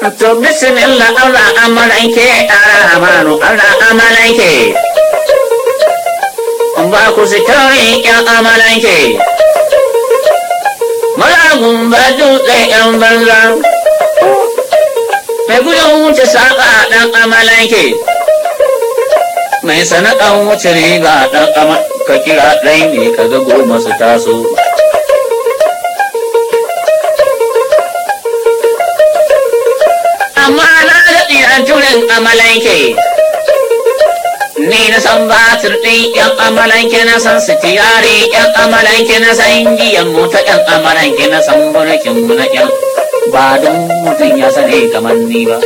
To bismillah Allah amalanke amanu Allah amalanke Ba ku sitari ƴan amalanke gun ba dutse 'yan banza Mai gudun wuce saƙa ɗan amalanke Mai sanaɗan wuce riba ɗan amalanke Ka kira ɗai ne ka ga goma su taso turin amalanke ni na san batir ɗin ƴan amalanke na san sitiyari ƴan amalanke na san injiyan mota ƴan amalanke na san burkin na ƴan ba don mutum ya sani kamar ni ba.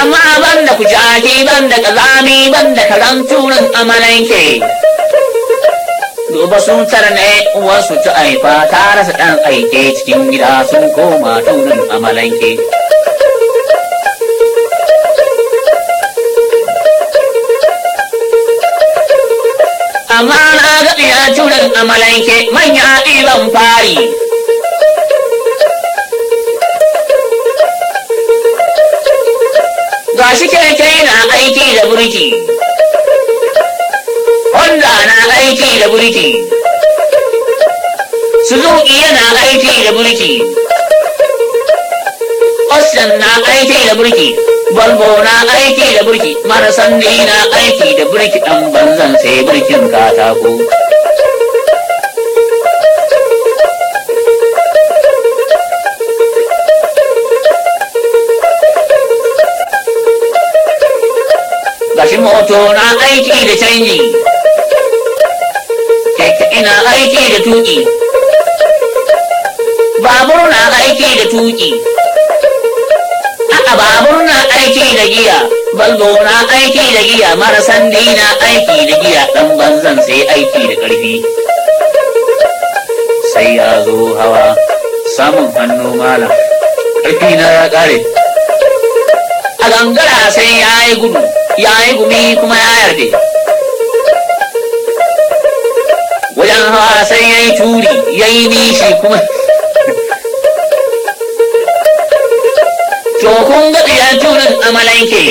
Amma ban da kujaki ban da kazami ban da karantunan amalanke. duba sun tarne uwarsu ta aifa ta rasa ɗan aike cikin gida sun koma taurin amalanke amma na gaɗi ya turin amalanke manya ɗiban fari ga shi keke na aiki da burki canza na aiki da burki suzuki yana aiki da burki Austin na aiki da burki Volvo na aiki da burki marasan na aiki da burki dan banzan sai burkin katako Gashi moto na aiki da canji na aiki da tuki babur na aiki da tuki a'a babur na aiki da giya Balbo na aiki da giya marasan dai na aiki da giya dan banzan sai aiki da karfi sai ya zo hawa samun hannu mala karfi na ya kare a gangara sai ya yi gudu ya yi gumi kuma ya yarda wajen hawa sai ya yi turi ya yi nishi kuma kun ga ɗiyar turin amalanke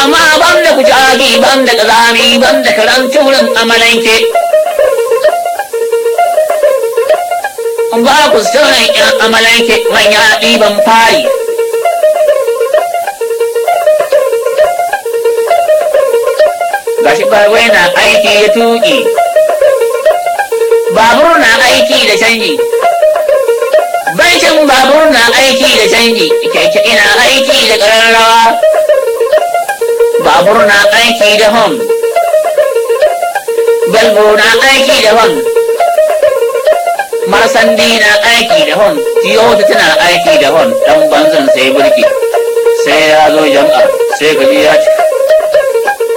amma ban da kujagi ban da ƙazami ban da karan turin amalanke ba ku sauran ‘yan amalanke manya ɗiban fari gashi babur na aiki ya tuki babur na aiki da canji baitin babur na aiki da canji keke ina aiki da ƙararrawa babur na aiki da hon balbo na aiki da hon marsandi na aiki da hon tiyota tana aiki da hon dan banzan sai burki sai ya zo jam'a sai gaji ya cika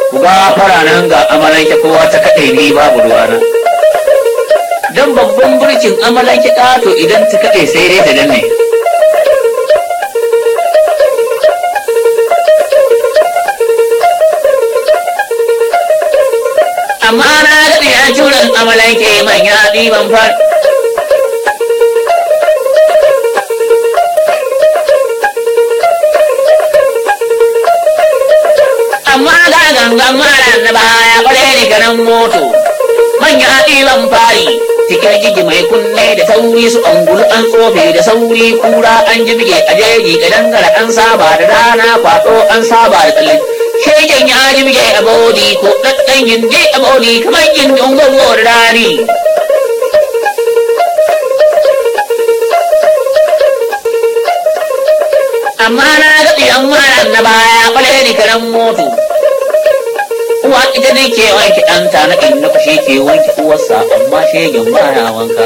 ku ga fara nan ga amalanke kowa ta kaɗe ni babu ruwana don babban burkin amalanke ƙato idan ta kaɗai sai dai da danne amma na daɗe a juran amalanke manya ban fara gangan mara na baya kwarai ni ganin moto manya ilan fari cikar jiki mai kunne da sauri su angulu an tsofe da sauri kura an jibge a jeji ka dangara an saba da rana kwato an saba da tsalle shegen ya jibge a bodi ko yin je a bodi kamar yin dungon da rani amma na ga ɗiyan mara na baya kwarai ni ganin moto amma ita ne ke wanke ɗanta na in na shi ke wanke uwarsa amma shegen baya wanka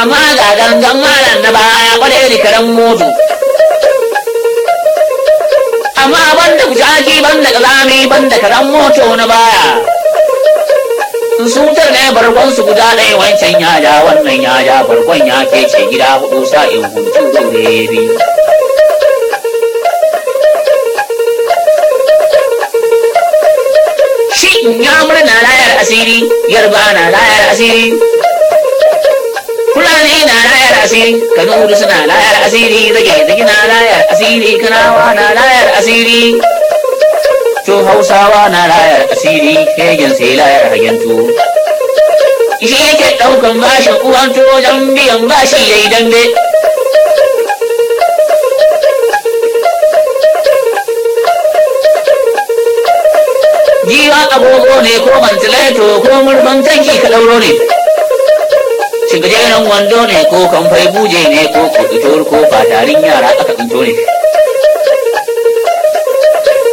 amma ga gangan malam na baya da ni karen mudu amma ban da kujaki ban da ƙazami ban da karen moto na baya su ne barkon su guda ɗaya wancan ya ja wannan ya ja barkon ya kece gida hudu sa'in hutu tureri shi ya murna layar asiri yarba na layar asiri fulani na layar asiri kanuri suna layar asiri zage zage na layar asiri kanawa na layar asiri to hausawa na rayar asiri kegen sai layar shi yake ɗaukan bashin uwan wajen biyan bashi ya yi dambe jiwa agogo ne ko mantilaito ko murfin tanki ka ɗauro ne shigajeren wando ne ko kamfai buje ne ko kudutor ko fatarin yara aka kanto ne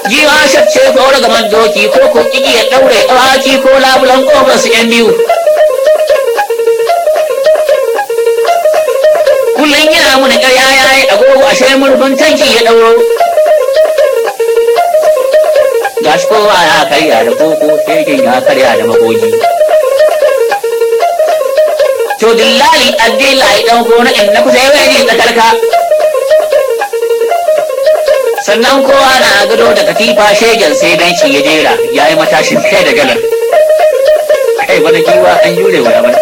jiwa shacce ko ragaman doki ko ko ya ɗaure awaki ko labulan ƙofar su yan biyu kullum yana muna ƙarya ya yi agogo ashe murfin tanki ya ɗauro gashi kowa ya karya da koko shekin ya karya da magogi to dillali addila idan gona in na kusa yawai ne tsakarka sannan kowa na gado da katifa shegen sai benci ya jera ya yi matashin kai da galar kai wani giwa an yule wa yamar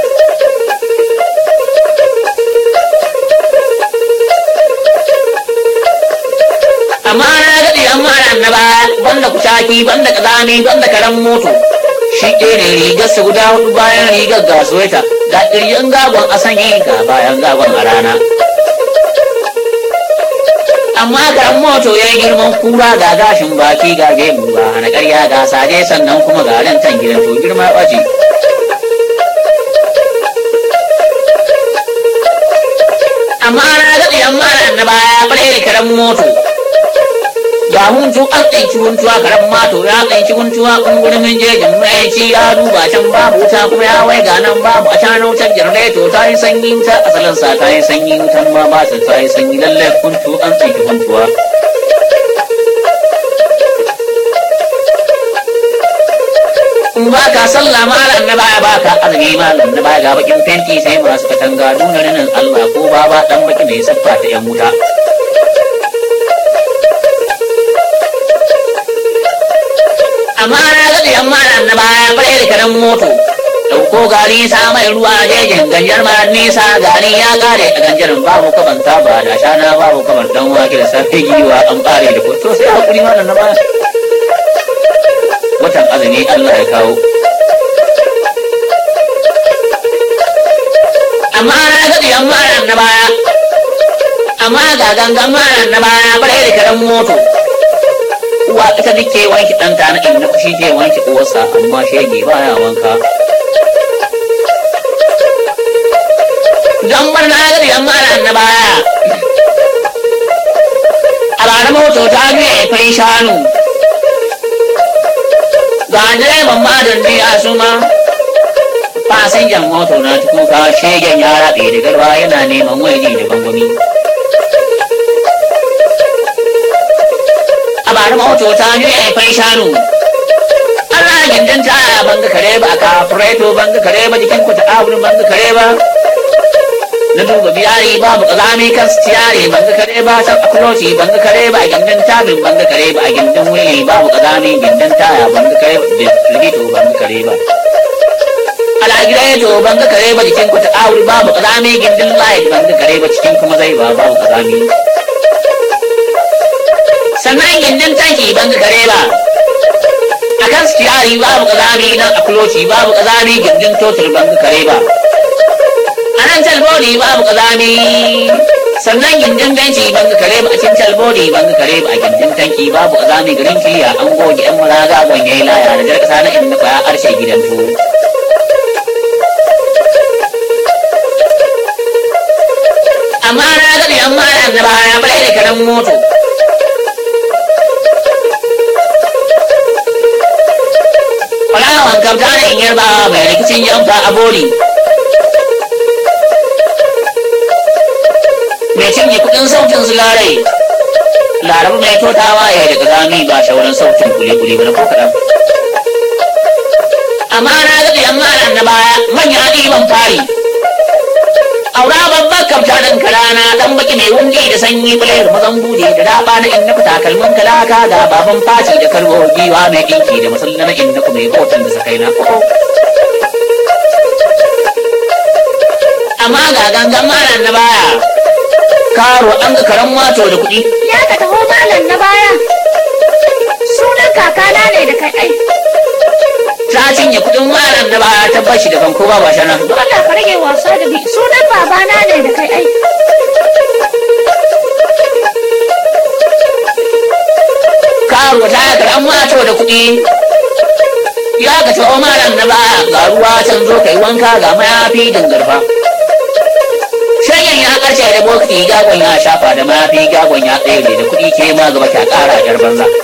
amma na gadi an mara annaba banda kusaki banda kazami banda karen moto shi ne rigar su guda hudu bayan rigar ga ga ƙiryan gagon a sanyi ga bayan gagon a rana amma karammo moto ya girman kura ga gashin baki ga gemu ba na karya ga saje sannan kuma ga rantan gidan to girma ɓace amma na daɗe amma na baya fara da karan moto ya huncu an tsinci huncuwa karan mato ya tsinci huncuwa kungurumin jejin ci ya duba can babu wuta kuma ya wai ga nan babu a can wutar to ta yi sanyi ta asalin sa ta yi sanyi ta ma ba ta ta yi sanyi lallai huncu an tsinci huncuwa. in ba ka sallah malam na baya ba ka azumi malam na baya ga bakin fenti sai masu katanga nuna nan Allah ko ba ba dan baki mai sabba ta yan wuta. amma na gadi amma na na bayan fara da karan moto dauko gari sa mai ruwa jejin ganjar mara nisa gari ya gare a ganjar babu kamanta ba da na babu kamar dan wake da safe giwa an bare da kotu sai hakuri mara na bayan watan azumi Allah ya kawo amma na gadi mara na baya amma ga gangan mara na baya fara da karan moto uwa ita duk wanki ɗanta na na kushi ke wanki uwarsa amma shege baya wanka don bar na gari amma ana baya. a bara mahoto ta ga ya kai shanu ga mamma da ne a suma fasinjan moto na tukuka shegen ya rabe da garba yana neman wani da bangomi. ba da mahoto ta ne fai shanu Allah gindin ta banga kare ba kafureto banga kare ba jikin ku ta abun banga kare ba na duba biyari babu kazami kan tiyari banga kare ba ta akuloci banga kare ba gindin ta bin banga kare ba gindin wili babu kazami gindin ta banga kare ba ligito banga kare ba alagira ya jo banga kare ba jikin ku ta abun babu kazami gindin light banga kare ba cikin kuma zai ba babu kazami sannan gindin tanki ban kare ba a kan siyari babu kazami nan a kuloci babu kazami gindin totar ban kare ba a nan talbodi babu kazami sannan gindin benci ban kare ba a cin talbodi ban kare ba a gindin tanki babu kazami garin kiliya an goge yan mulaga gwanye laya da jar kasa na inda kwaya arshe gidan to amma na gani amma na annaba ya bai da karen moto kyauta da in yarba mai rikicin yanka a bori mai cinye kudin sautin su larai larabu mai kyautawa ya daga zami ba shawarar sautin kule-kule ba na kokaran amma na zaɓi amma na baya manyan ɗiban fari aura kam ta dan karana dan baki mai wunge da sanyi bulayar mazan buje da daba na inna ku takalmin kalaka da baban faci da kalmo giwa mai kinki da musallama inda ku mai hotan da sakai na amma ga gangan malam na baya karo an ga karan wato da kuɗi ya ka taho malam na baya sunan kakana ne da kai ta cinye kudin malam da ba ta bashi da fanko ba ba shana Allah ka rage wasa da ni sunan babana ne da kai ai karo ta ya karan wato da kuɗi ya ga ta malam na ba ga ruwa can zo kai wanka ga mayafi dangarfa shayan ya karce da bokiti gagon ya shafa da mayafi gwan ya tsaye da kuɗi ke ma gaba ta kara jar banza